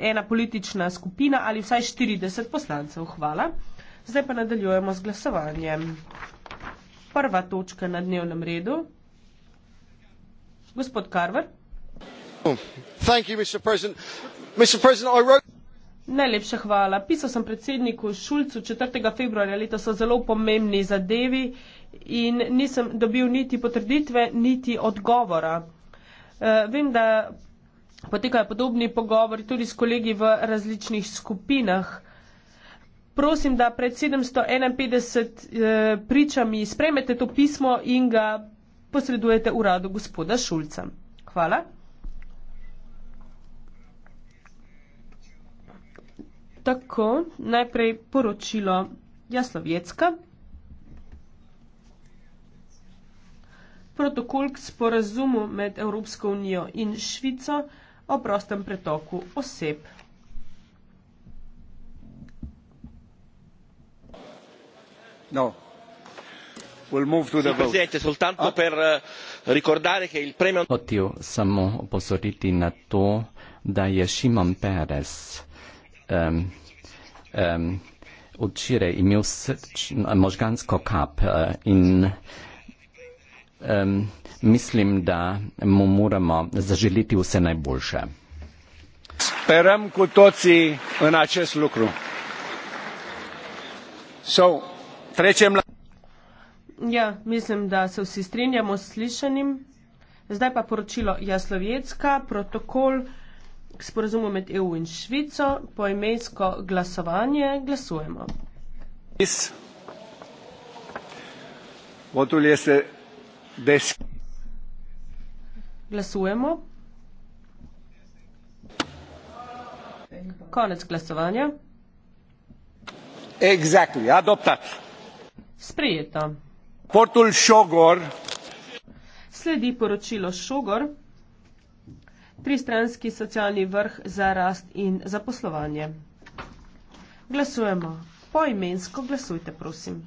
ena politična skupina ali vsaj 40 poslancev. Hvala. Zdaj pa nadaljujemo z glasovanjem. Prva točka na dnevnem redu. Gospod Karver. Oh, thank you, Mr. President. Mr. President, I wrote... Najlepša hvala. Pisal sem predsedniku Šulcu 4. februarja leta so zelo pomembni zadevi in nisem dobil niti potrditve, niti odgovora. Uh, vem, da Potekajo podobni pogovori tudi s kolegi v različnih skupinah. Prosim, da pred 751 eh, pričami spremete to pismo in ga posredujete uradu gospoda Šulca. Hvala. Tako, najprej poročilo Jaslovjecka. Protokol k sporazumu med Evropsko unijo in Švico o prostem pretoku oseb. No. We'll move to the vote. soltanto oh. per eh, ricordare che il premio... Potio samo opozoriti na to da je Šimon Perez um, um, včeraj imel srč, možgansko kap uh, in um, mislim, da mu moramo zaželiti vse najboljše. Speram cu toții în acest lucru. So, trecem la... Ja, mislim, da se vsi strinjamo s slišanim. Zdaj pa poročilo Jaslovjecka, protokol k sporazumu med EU in Švico, poimensko glasovanje, glasujemo. Votul este desk. Glasujemo. Konec glasovanja. Exactly, adoptat. Sprijeto. Portul Šogor. Sledi poročilo Šogor. Tristranski socialni vrh za rast in zaposlovanje. Glasujemo. Poimensko glasujte, prosim.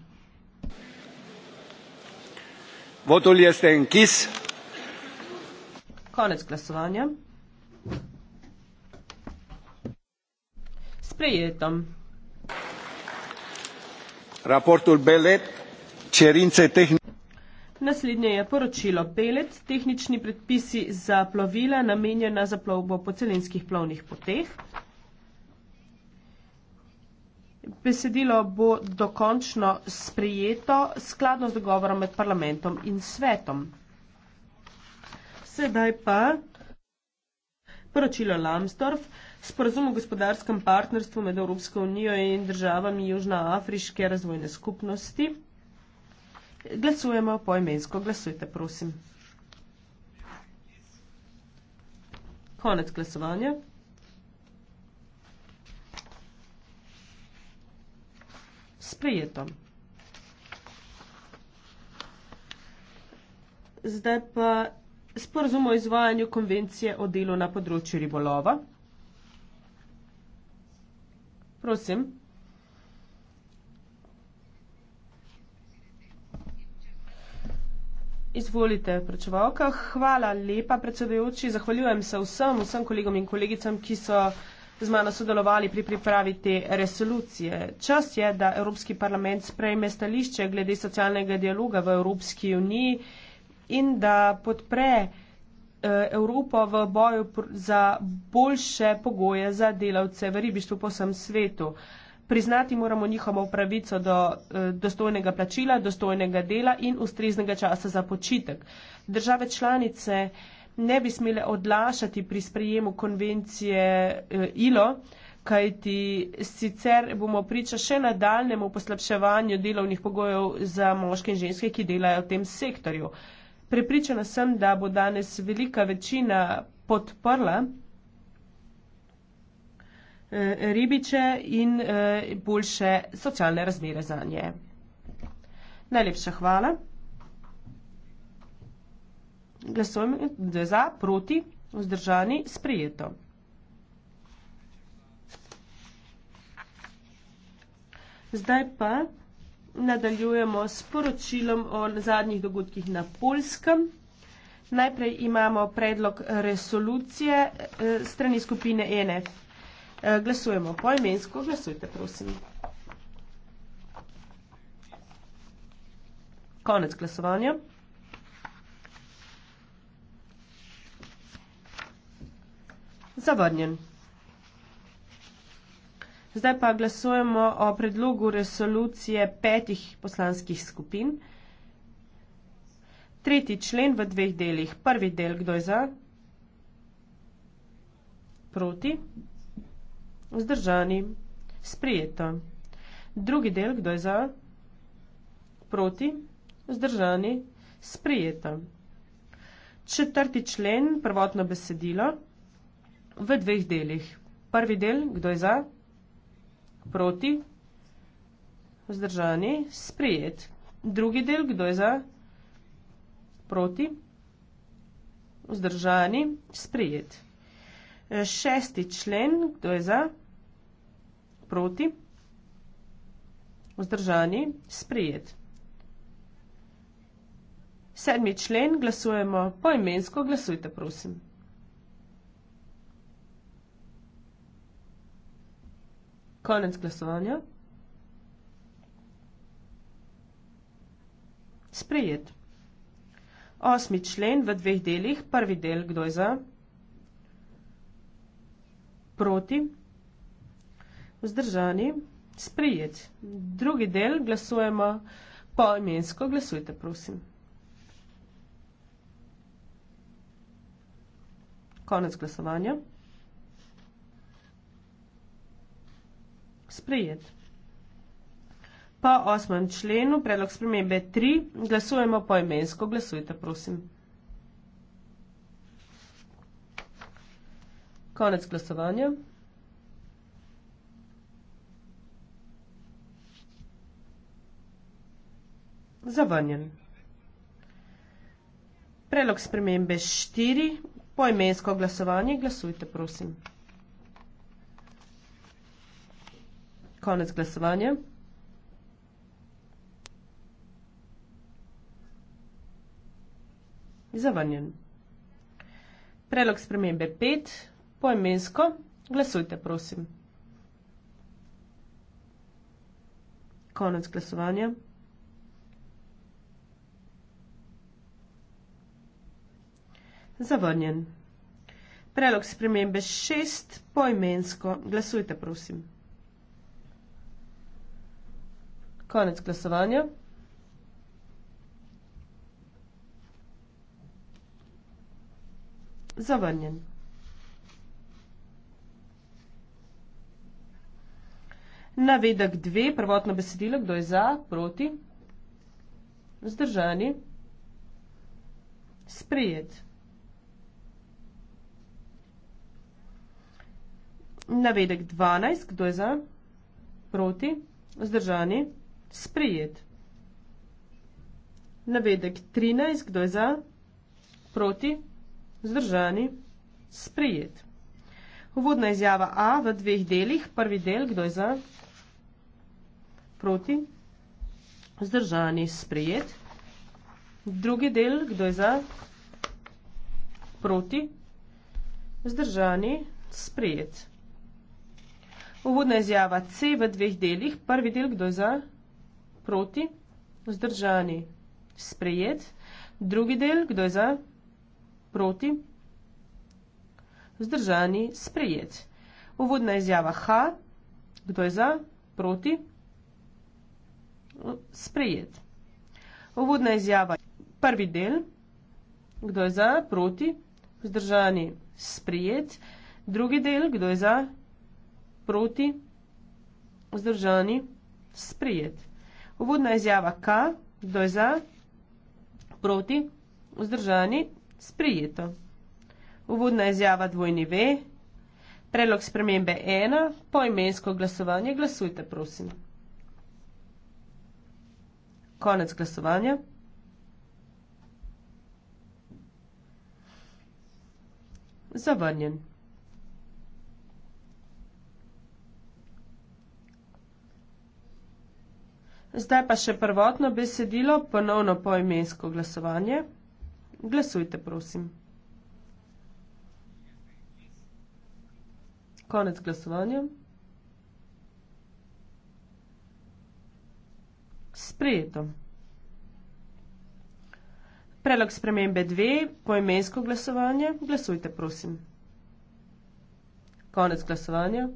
Konec glasovanja. Sprejeto. Raportul Belet, cerințe tehnice. Naslednje je poročilo Pelet, tehnični predpisi za plovila namenjena za plovbo po celinskih plovnih poteh. Besedilo bo dokončno sprejeto skladno z dogovorom med parlamentom in svetom. Sedaj pa poročilo Lambsdorff, sporozum o gospodarskem partnerstvu med Evropsko unijo in državami Južnoafriške razvojne skupnosti. Glasujemo poimensko. Glasujte, prosim. Konec glasovanja. sprejeto. Zdaj pa sporozum o izvajanju konvencije o delu na področju ribolova. Prosim. Izvolite, predsedovka. Hvala lepa, predsedujoči. Zahvaljujem se vsem, vsem kolegom in kolegicam, ki so z mano sodelovali pri pripravi te resolucije. Čas je, da Evropski parlament sprejme stališče glede socialnega dialoga v Evropski uniji in da podpre eh, Evropo v boju za boljše pogoje za delavce v ribištvu po vsem svetu. Priznati moramo njihovo pravico do eh, dostojnega plačila, dostojnega dela in ustreznega časa za počitek. Države članice ne bi smele odlašati pri sprejemu konvencije eh, ILO, kajti sicer bomo priča še nadaljnemu poslabševanju delovnih pogojev za moške in ženske, ki delajo v tem sektorju. Prepričana sem, da bo danes velika večina podprla eh, ribiče in eh, boljše socialne razmere za nje. Najlepša hvala. Glasujemo za, proti, vzdržani, sprejeto. Zdaj pa nadaljujemo s poročilom o zadnjih dogodkih na Poljskem. Najprej imamo predlog resolucije eh, strani skupine e NF. Eh, glasujemo poimensko, glasujte prosim. Konec glasovanja. zavrnjen. Zdaj pa glasujemo o predlogu resolucije petih poslanskih skupin. Tretji člen v dveh delih. Prvi del, kdo je za? Proti? Vzdržani? Sprijeto. Drugi del, kdo je za? Proti? Vzdržani? Sprijeto. Četrti člen, prvotno besedilo v dveh delih. Prvi del, kdo je za, proti, vzdržani, sprijet. Drugi del, kdo je za, proti, vzdržani, sprijet. Šesti člen, kdo je za, proti, vzdržani, sprijet. Sedmi člen, glasujemo poimensko, glasujte prosim. Konec glasovanja. Sprejet. Osmi člen v dveh delih. Prvi del, kdo je za? Proti. Vzdržani. Sprejet. Drugi del glasujemo poimensko. Glasujte, prosim. Konec glasovanja. sprejet. Po osmem členu predlog spremembe 3 glasujemo poimensko. Glasujte, prosim. Konec glasovanja. Zavrnjen. Predlog spremembe 4 poimensko glasovanje. Glasujte, prosim. konec glasovanja. Zavrnjen. Predlog spremembe 5, poemensko, glasujte, prosim. Konec glasovanja. Zavrnjen. Predlog spremembe 6, poemensko, glasujte, prosim. Konec glasovanja. Zavrnjen. Navedek dve, prvotno besedilo, kdo je za, proti, zdržani, sprijet. Navedek 12, kdo je za, proti, zdržani, sprijet sprejet. Navedek 13, kdo je za, proti, zdržani, sprejet. Uvodna izjava A v dveh delih, prvi del, kdo je za, proti, zdržani, sprejet. Drugi del, kdo je za, proti, zdržani, sprejet. Uvodna izjava C v dveh delih, prvi del, kdo je za, proti, zdržani, sprejet proti, vzdržani, sprejet. Drugi del, kdo je za, proti, vzdržani, sprejet. Uvodna izjava H, kdo je za, proti, sprejet. Uvodna izjava prvi del, kdo je za, proti, vzdržani, sprejet. Drugi del, kdo je za, proti, vzdržani, sprejet. Uvodna izjava K, kdo je za, proti, vzdržani, sprijeto. Uvodna izjava dvojni V, predlog spremembe 1, po imensko glasovanje glasujte, prosim. Konec glasovanja. Zavrnjen. Zdaj pa še prvotno besedilo, ponovno poimensko glasovanje. Glasujte, prosim. Konec glasovanja. Sprejeto. Prelog spremembe 2, poimensko glasovanje. Glasujte, prosim. Konec glasovanja.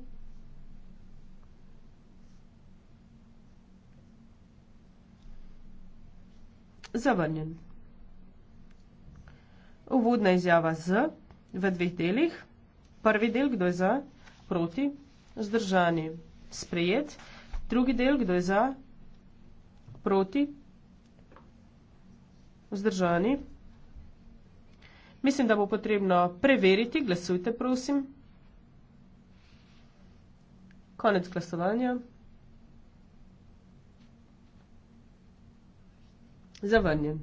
zavrnjen. Uvodna izjava z v dveh delih. Prvi del, kdo je za, proti, zdržani, sprejet. Drugi del, kdo je za, proti, zdržani. Mislim, da bo potrebno preveriti. Glasujte, prosim. Konec glasovanja. zavrnjen.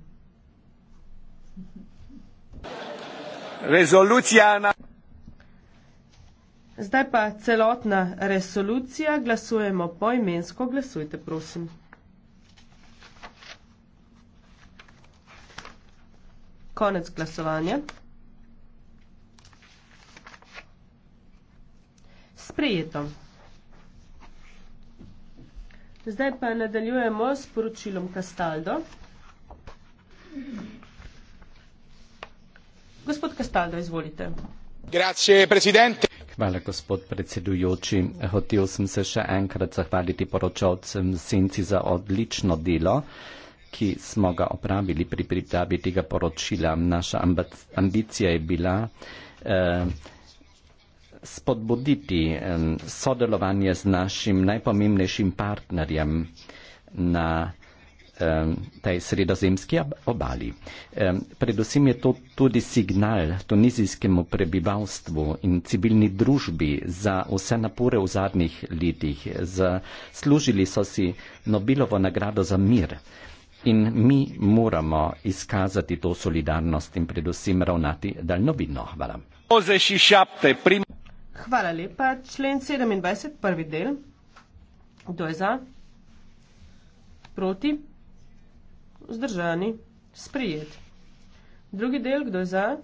Zdaj pa celotna resolucija, glasujemo poimensko, glasujte prosim. Konec glasovanja. Sprejeto. Zdaj pa nadaljujemo s poročilom Kastaldo. Gospod Kastaldo, izvolite. Hvala, gospod predsedujoči. Hotel sem se še enkrat zahvaliti poročalcem Senci za odlično delo, ki smo ga opravili pri pripravi tega poročila. Naša ambicija je bila eh, spodbuditi eh, sodelovanje z našim najpomembnejšim partnerjem na tej sredozemski obali. Predvsem je to tudi signal tunizijskemu prebivalstvu in civilni družbi za vse napore v zadnjih letih. Služili so si Nobelovo nagrado za mir. In mi moramo izkazati to solidarnost in predvsem ravnati daljnovidno. Hvala. Hvala lepa. Člen 27, prvi del. Kdo je za? Proti? vzdržani, sprijet. Drugi del, kdo je za,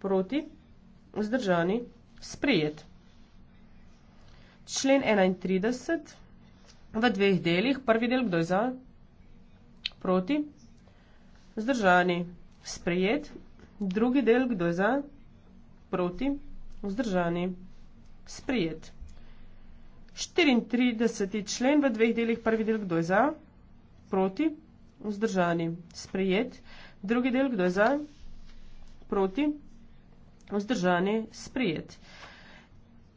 proti, vzdržani, sprijet. Člen 31 v dveh delih. Prvi del, kdo je za, proti, vzdržani, sprijet. Drugi del, kdo je za, proti, vzdržani, sprijet. 34. člen v dveh delih. Prvi del, kdo je za, proti, vzdržani, sprijet vzdržani. Sprejet. Drugi del, kdo je za? Proti. Vzdržani. Sprejet.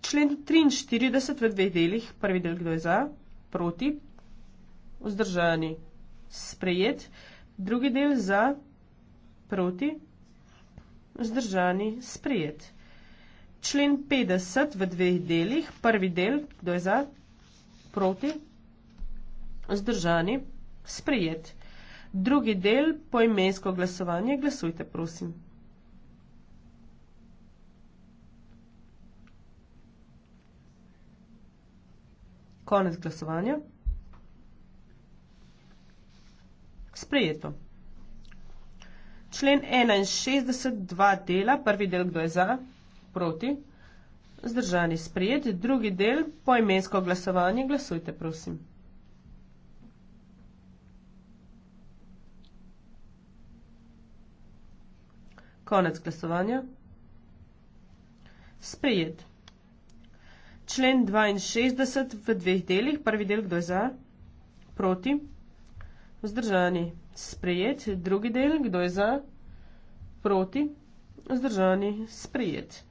Člen 43 v dveh delih. Prvi del, kdo je za? Proti. Vzdržani. Sprejet. Drugi del za? Proti. Vzdržani. Sprejet. Člen 50 v dveh delih. Prvi del, kdo je za? Proti. Vzdržani. Sprejet. Drugi del, poimensko glasovanje, glasujte, prosim. Konec glasovanja. Sprejeto. Člen 61, dva dela, prvi del, kdo je za, proti, zdržani sprejet, drugi del, poimensko glasovanje, glasujte, prosim. Konec glasovanja. Sprejet. Člen 62 v dveh delih. Prvi del, kdo je za? Proti. Vzdržani. Sprejet. Drugi del, kdo je za? Proti. Vzdržani. Sprejet.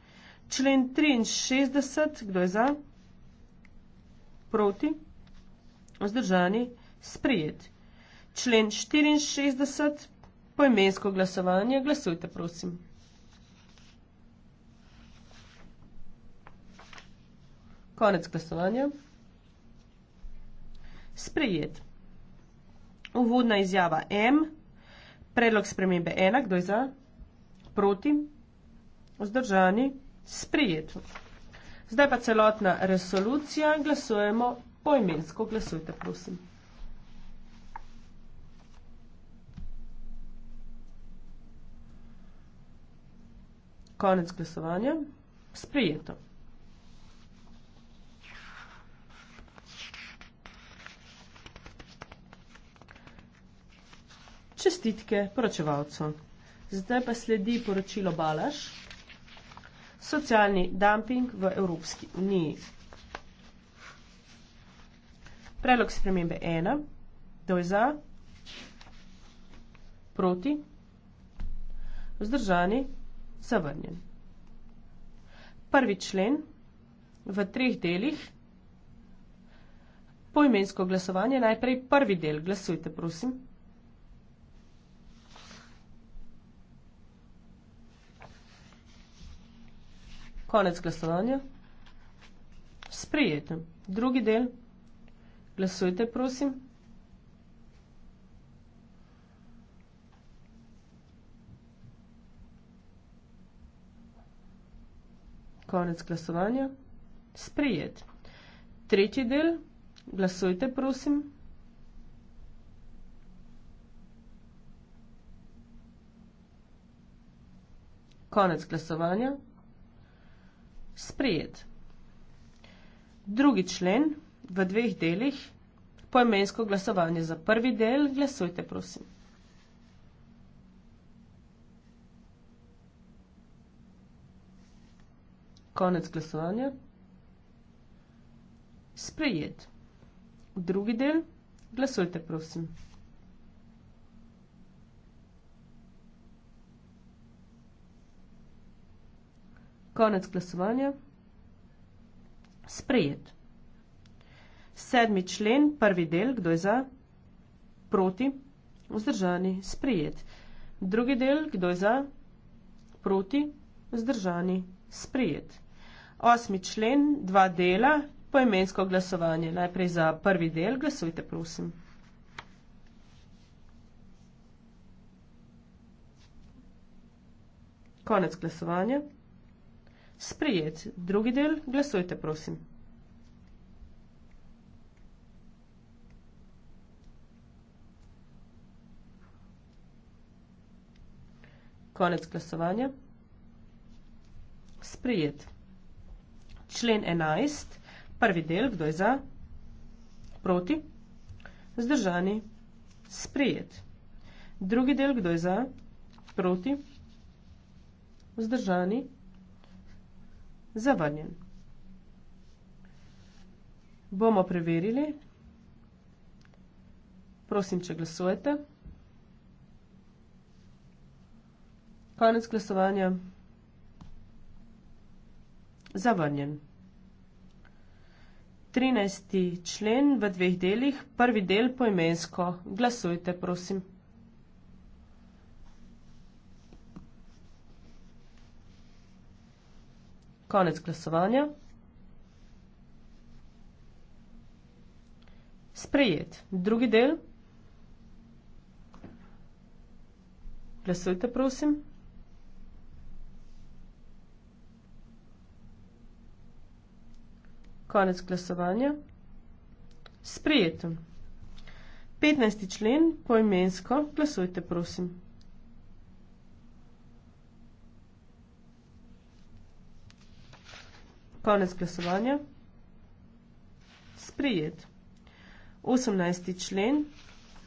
Člen 63, kdo je za? Proti. Vzdržani. Sprejet. Člen 64 poimensko glasovanje. Glasujte, prosim. Konec glasovanja. Sprejet. Uvodna izjava M. Predlog spremembe ena. Kdo je za? Proti. Vzdržani. Sprejet. Zdaj pa celotna resolucija. Glasujemo poimensko. Glasujte, prosim. Konec glasovanja. Sprijeto. Čestitke poročevalcu. Zdaj pa sledi poročilo Balaš. Socialni dumping v Evropski uniji. Predlog spremembe 1. Kdo je za? Proti? Vzdržani? zavrnjen. Prvi člen v treh delih. Poimensko glasovanje, najprej prvi del, glasujte, prosim. Konec glasovanja. Sprejete. Drugi del, glasujte, prosim. konec glasovanja, sprejet. Tretji del, glasujte prosim. Konec glasovanja, sprejet. Drugi člen, v dveh delih, poimensko glasovanje za prvi del, glasujte prosim. Konec glasovanja. Sprejet. Drugi del. Glasujte, prosim. Konec glasovanja. Sprejet. Sedmi člen, prvi del, kdo je za? Proti. Vzdržani. Sprejet. Drugi del, kdo je za? Proti. Vzdržani. Sprejet. Osmi člen, dva dela, poimensko glasovanje. Najprej za prvi del glasujte, prosim. Konec glasovanja. Sprijet. Drugi del glasujte, prosim. Konec glasovanja. Sprijet člen 11, prvi del, kdo je za, proti, zdržani, sprejet. Drugi del, kdo je za, proti, zdržani, zavrnjen. Bomo preverili. Prosim, če glasujete. Konec glasovanja zavrnjen. 13. člen v dveh delih, prvi del poimensko. Glasujte, prosim. Konec glasovanja. Sprejet. Drugi del. Glasujte, prosim. Konec glasovanja. Sprijeto. 15. člen poimensko. Glasujte, prosim. Konec glasovanja. Sprijet. 18. člen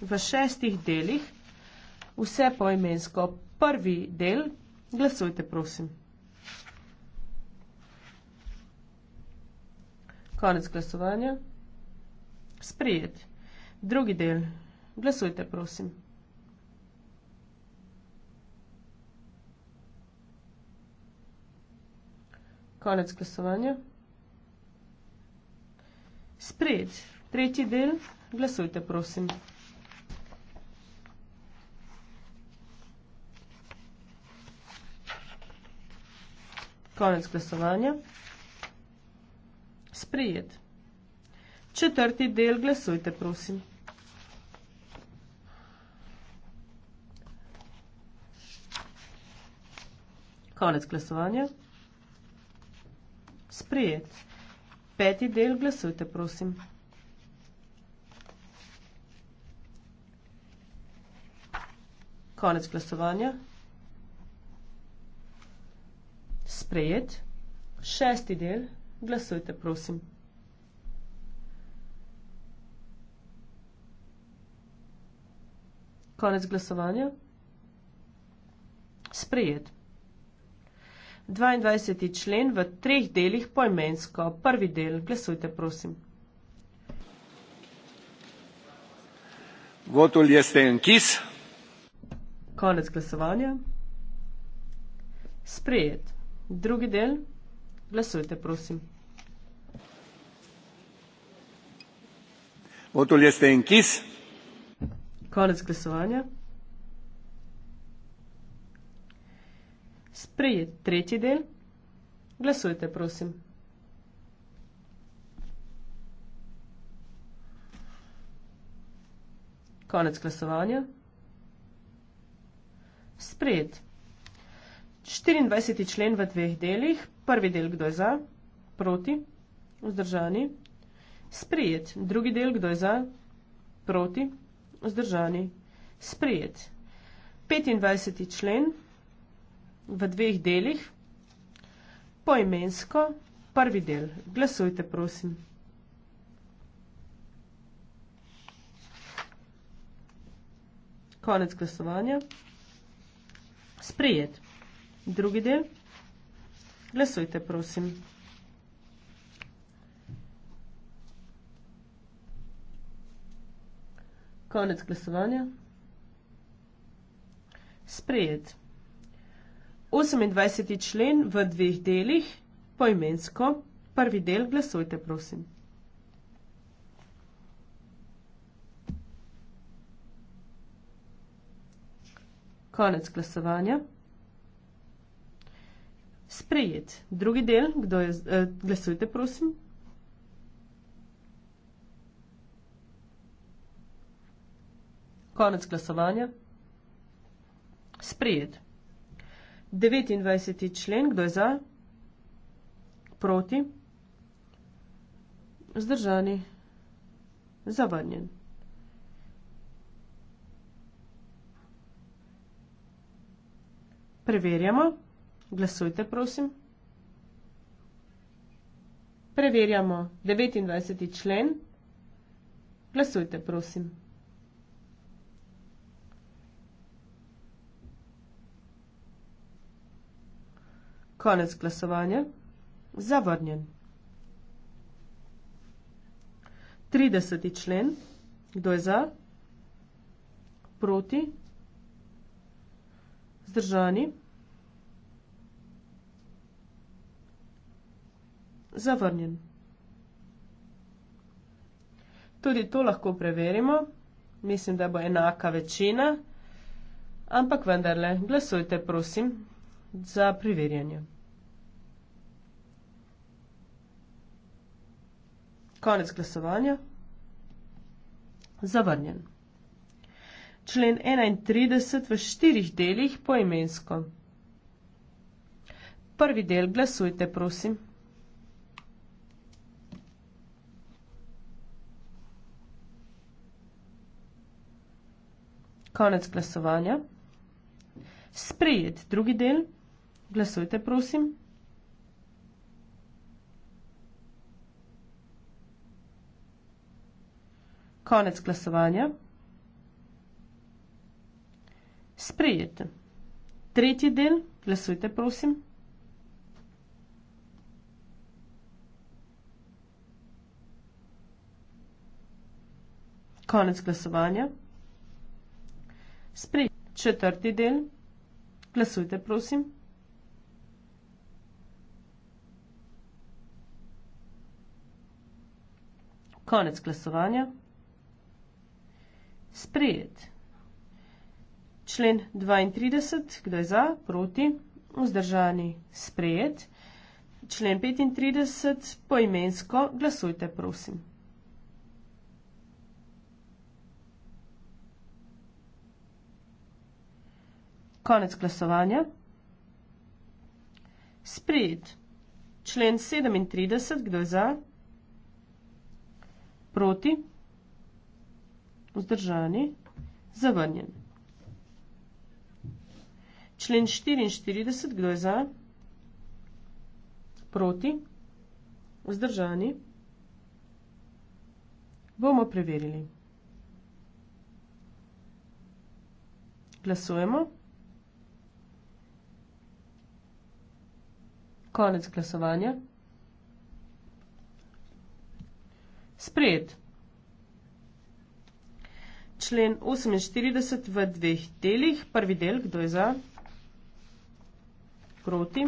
v šestih delih. Vse poimensko. Prvi del. Glasujte, prosim. Konec glasovanja. Sprijet. Drugi del. Glasujte, prosim. Konec glasovanja. Sprijet. Tretji del. Glasujte, prosim. Konec glasovanja. Sprejet. Četrti del, glasujte, prosim. Konec glasovanja. Sprejet. Peti del, glasujte, prosim. Konec glasovanja. Sprejet. Šesti del, glasujte, prosim. Glasujte, prosim. Konec glasovanja. Sprejet. 22. člen v treh delih poimensko. Prvi del. Glasujte, prosim. Votul jeste enkis. Konec glasovanja. Sprejet. Drugi del. Glasujte, prosim. Votul este închis. Konec glasovanja. Sprejet tretji del. Glasujte, prosim. Konec glasovanja. Sprejet. 24. člen v dveh delih. Prvi del, kdo je za, proti, vzdržani, sprijet. Drugi del, kdo je za, proti, vzdržani, sprijet. 25. člen v dveh delih, poimensko, prvi del. Glasujte, prosim. Konec glasovanja. Sprijet. Drugi del. Glasujte, prosim. Konec glasovanja. Sprejet. 28. člen v dveh delih, poimensko. Prvi del, glasujte, prosim. Konec glasovanja sprejet. Drugi del, kdo je, eh, glasujte prosim. Konec glasovanja. Sprejet. 29. člen, kdo je za? Proti? Zdržani? Zavrnjen. Preverjamo. Glasujte, prosim. Preverjamo 29. člen. Glasujte, prosim. Konec glasovanja. Zavrnjen. 30. člen. Kdo je za? Proti? Zdržani? zavrnjen. Tudi to lahko preverimo. Mislim, da bo enaka večina. Ampak vendarle, glasujte, prosim, za preverjanje. Konec glasovanja. Zavrnjen. Člen 31 v štirih delih poimensko. Prvi del glasujte, prosim. konec glasovanja. Sprejet drugi del. Glasujte, prosim. Konec glasovanja. Sprejet. Tretji del. Glasujte, prosim. Konec glasovanja. Sprej četrti del. Glasujte, prosim. Konec glasovanja. Sprejet. Člen 32, kdo je za, proti, vzdržani, sprejet. Člen 35, poimensko, glasujte, prosim. Konec glasovanja. Sprejet. Člen 37. Kdo je za? Proti? Vzdržani? Zavrnjen. Člen 44. Kdo je za? Proti? Vzdržani? Bomo preverili. Glasujemo. Glasujemo. konec glasovanja. Sprejet. Člen 48 v dveh delih. Prvi del, kdo je za? Proti.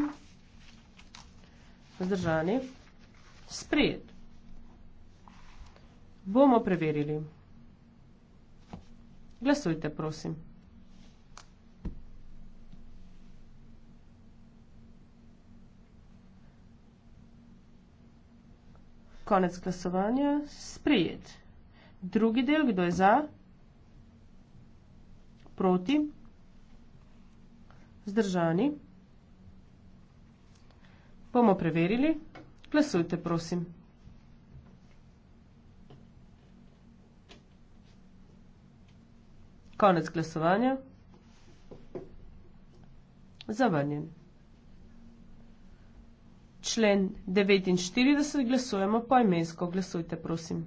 Zdržani. Sprejet. Bomo preverili. Glasujte, prosim. Konec glasovanja. Sprijet. Drugi del, kdo je za? Proti. Zdržani. Bomo preverili. Glasujte, prosim. Konec glasovanja. Zavrnjen člen 49 glasujemo poimensko. Glasujte, prosim.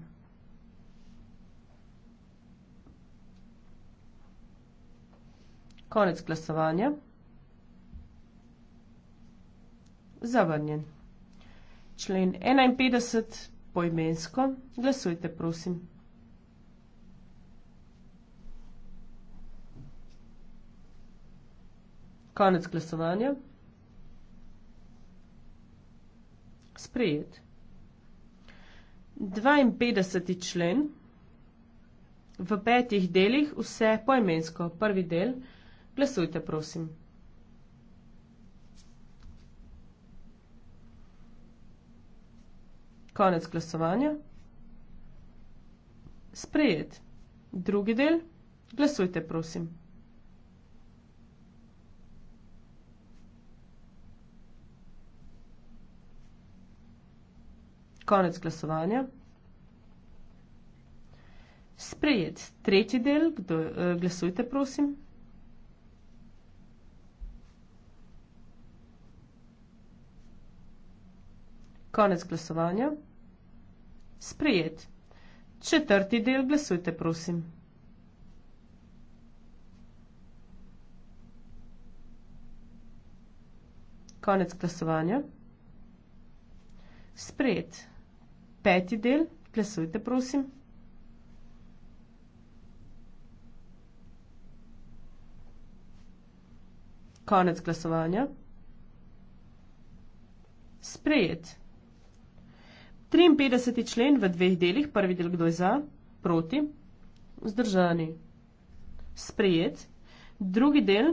Konec glasovanja. Zavrnjen. Člen 51 poimensko. Glasujte, prosim. Konec glasovanja. sprejet. 52. člen v petih delih vse poimensko. Prvi del. Glasujte, prosim. Konec glasovanja. Sprejet. Drugi del. Glasujte, prosim. Konec glasovanja. Sprejet. Tretji del. Kdo, eh, glasujte, prosim. Konec glasovanja. Sprejet. Četrti del. Glasujte, prosim. Konec glasovanja. Sprejet peti del, plesujte prosim. Konec glasovanja. Sprejet. 53. člen v dveh delih, prvi del kdo je za, proti, vzdržani. Sprejet. Drugi del,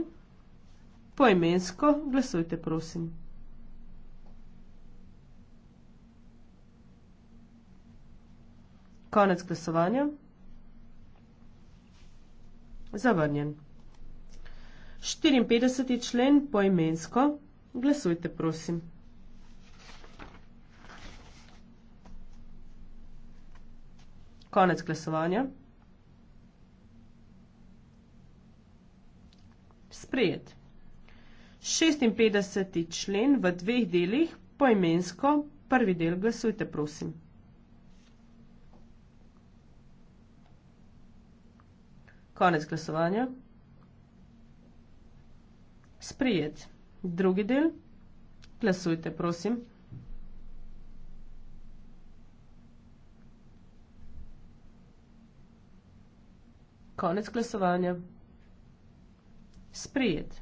poimensko, glasujte prosim. Konec glasovanja. Zavrnjen. 54. člen poimensko. Glasujte, prosim. Konec glasovanja. Sprejet. 56. člen v dveh delih poimensko. Prvi del glasujte, prosim. Konec glasovanja. Sprijet. Drugi del. Glasujte, prosim. Konec glasovanja. Sprijet.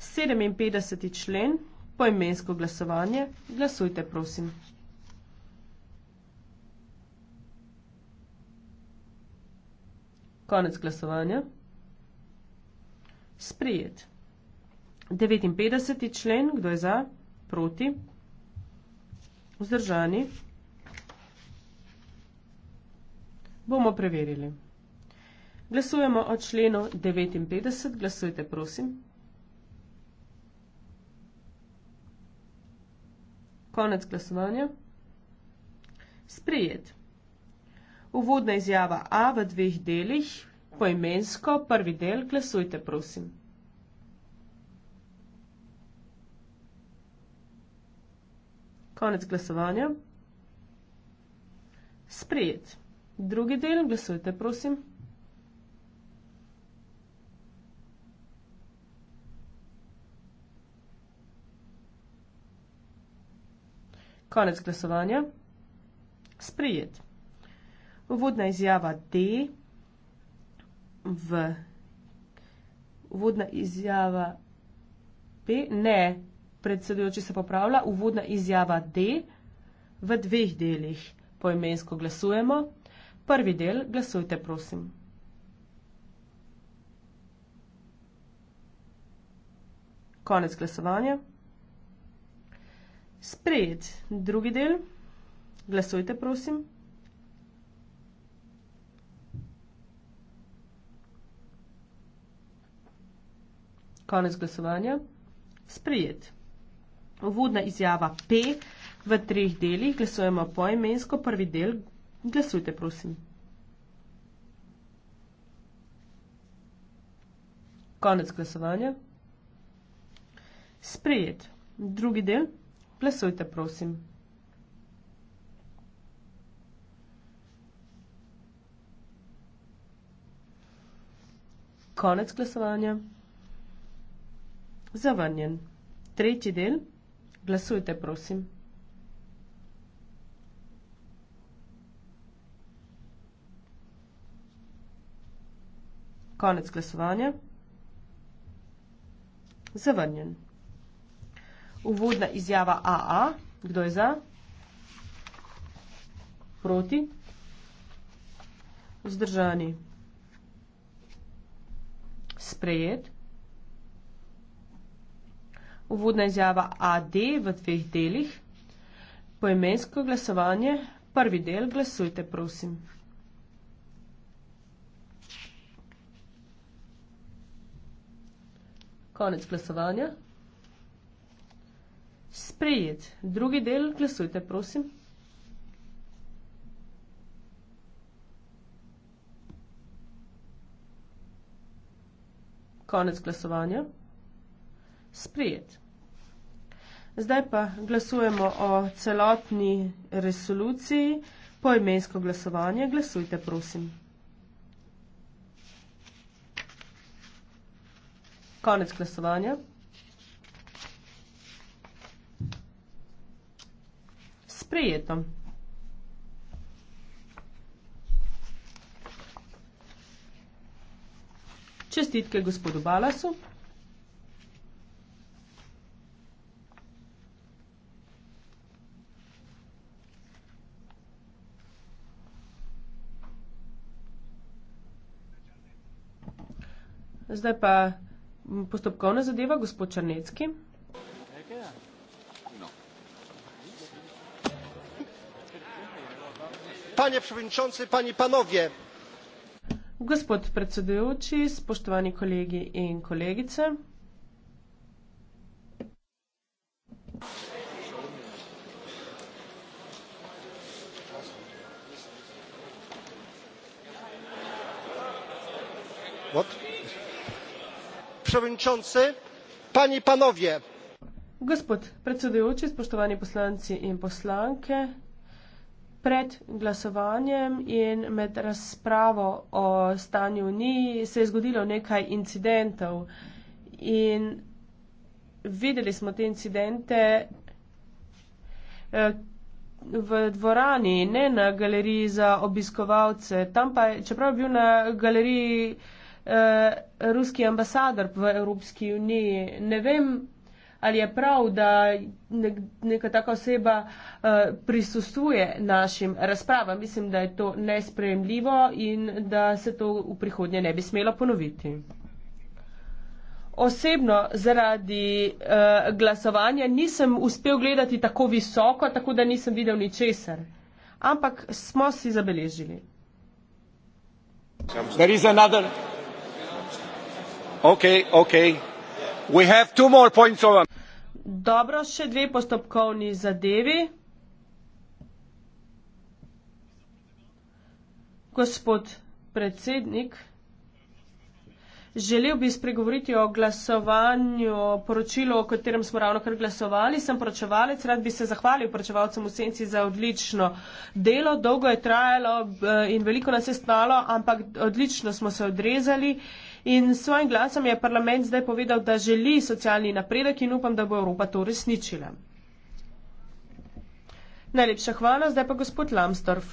57. člen. Poimensko glasovanje. Glasujte, prosim. Konec glasovanja. Sprijet. 59. člen. Kdo je za? Proti. Vzdržani. Bomo preverili. Glasujemo o členu 59. Glasujte, prosim. Konec glasovanja. Sprijet. Uvodna izjava A v dveh delih, poimensko, prvi del, glasujte, prosim. Konec glasovanja. Sprijet. Drugi del, glasujte, prosim. Konec glasovanja. Sprijet. Uvodna izjava D v uvodna izjava P, ne, predsedujoči se popravlja, uvodna izjava D v dveh delih poimensko glasujemo. Prvi del glasujte, prosim. Konec glasovanja. Sprejet drugi del. Glasujte, prosim. Konec glasovanja. Sprejet. Uvodna izjava P v treh delih. Glasujemo poimensko. Prvi del. Glasujte, prosim. Konec glasovanja. Sprejet. Drugi del. Glasujte, prosim. Konec glasovanja. Zavrnjen. Tretji del. Glasujte, prosim. Konec glasovanja. Zavrnjen. Uvodna izjava AA. Kdo je za? Proti? Vzdržani? Sprejet? uvodna izjava AD v dveh delih, poimensko glasovanje, prvi del, glasujte, prosim. Konec glasovanja. Sprejet. Drugi del, glasujte, prosim. Konec glasovanja sprijet. Zdaj pa glasujemo o celotni resoluciji, poimensko glasovanje. Glasujte, prosim. Konec glasovanja. Sprijeto. Čestitke gospodu Balasu. Zdaj pa postopkovna zadeva, gospod Črnecki. Panie przewodniczący, pani panowie. Gospod predsedujoči, spoštovani kolegi in kolegice. predsedujoči spoštovani poslanci in poslanke pred glasovanjem in med razpravo o stanju v uniji se je zgodilo nekaj incidentov in videli smo te incidente eh, v dvorani, ne na galeriji za obiskovalce. Tam pa, čeprav je bil na galeriji Eh, ruski ambasador v Evropski uniji. Ne vem, ali je prav, da nek, neka taka oseba eh, prisustuje našim razpravam. Mislim, da je to nespremljivo in da se to v prihodnje ne bi smelo ponoviti. Osebno zaradi uh, glasovanja nisem uspel gledati tako visoko, tako da nisem videl ničesar. Ampak smo si zabeležili. There is another. Dobro, še dve postopkovni zadevi. Gospod predsednik, želel bi spregovoriti o glasovanju, o poročilu, o katerem smo ravno kar glasovali. Sem poročevalec, rad bi se zahvalil poročevalcem v senci za odlično delo. Dolgo je trajalo eh, in veliko nas je stalo, ampak odlično smo se odrezali. In s svojim glasom je parlament zdaj povedal, da želi socialni napredek in upam, da bo Evropa to resničila. Najlepša hvala, zdaj pa gospod Lamstorf.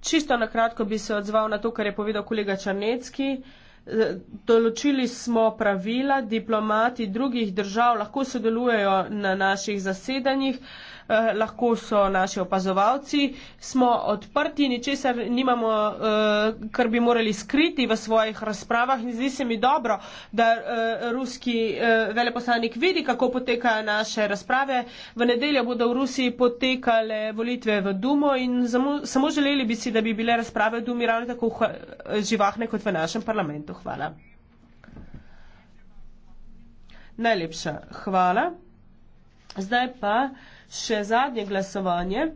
Čisto na kratko bi se odzval na to, kar je povedal kolega Črnecki. E, določili smo pravila, diplomati drugih držav lahko sodelujejo na naših zasedanjih eh, lahko so naši opazovalci, smo odprti, ničesar nimamo, eh, kar bi morali skriti v svojih razpravah in zdi se mi dobro, da eh, ruski eh, veleposlanik vidi, kako potekajo naše razprave. V nedeljo bodo v Rusiji potekale volitve v Dumo in zamo, samo želeli bi si, da bi bile razprave v Dumi ravno tako eh, živahne kot v našem parlamentu. Hvala. Najlepša hvala. Zdaj pa še zadnje glasovanje.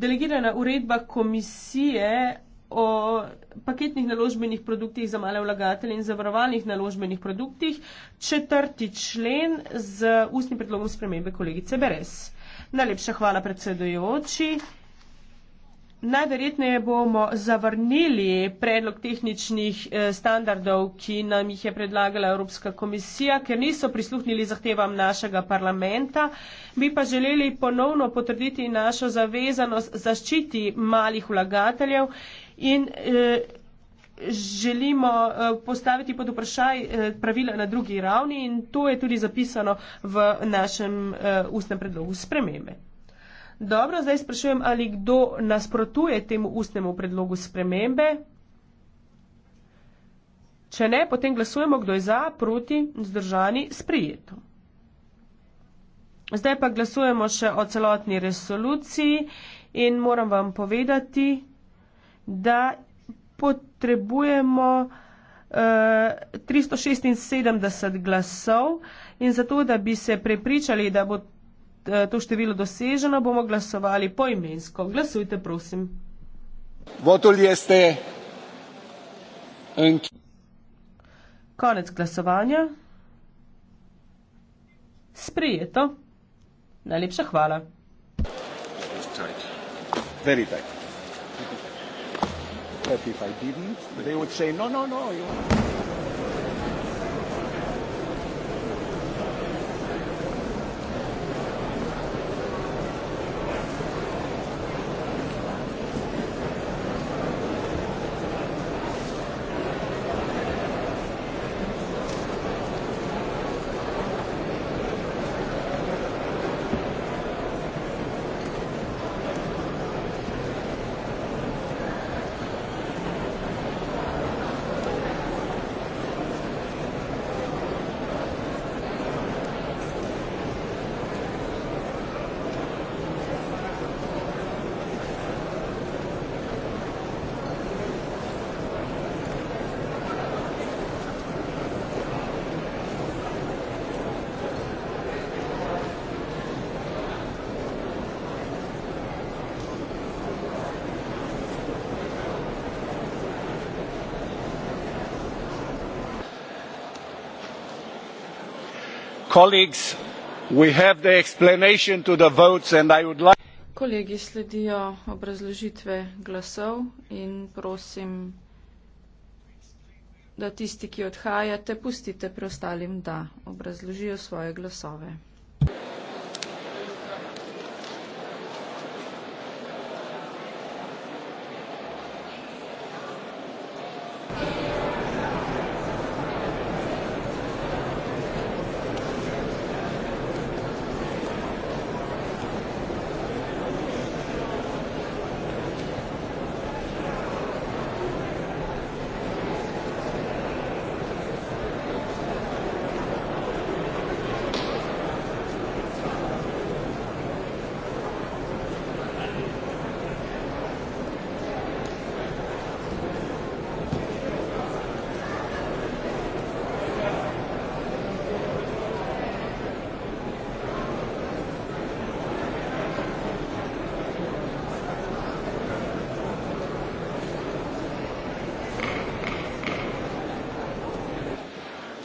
Delegirana uredba komisije o paketnih naložbenih produktih za male vlagatelje in zavarovalnih naložbenih produktih, četrti člen z ustnim predlogom spremembe kolegice Beres. Najlepša hvala predsedujoči. Najverjetneje bomo zavrnili predlog tehničnih eh, standardov, ki nam jih je predlagala Evropska komisija, ker niso prisluhnili zahtevam našega parlamenta. Bi pa želeli ponovno potrditi našo zavezanost zaščiti malih vlagateljev in eh, želimo eh, postaviti pod vprašaj pravila na drugi ravni in to je tudi zapisano v našem ustnem predlogu spremembe. Dobro, zdaj sprašujem, ali kdo nasprotuje temu ustnemu predlogu spremembe. Če ne, potem glasujemo, kdo je za, proti, zdržani, sprijeto. Zdaj pa glasujemo še o celotni resoluciji in moram vam povedati, da potrebujemo uh, eh, 376 glasov in zato, da bi se prepričali, da bo Eh, to število doseženo, bomo glasovali poimensko. Glasujte, prosim. Votul jeste. In... Konec glasovanja. Sprijeto. Najlepša hvala. Very tight. If I didn't, they would say, no, no, no. You... colleagues we have the explanation to the votes and i would like kolegi sledijo obrazložitve glasov in prosim da tisti ki odhajate pustite preostalim da obrazložijo svoje glasove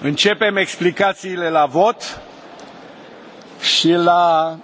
începem explicațiile de vot și la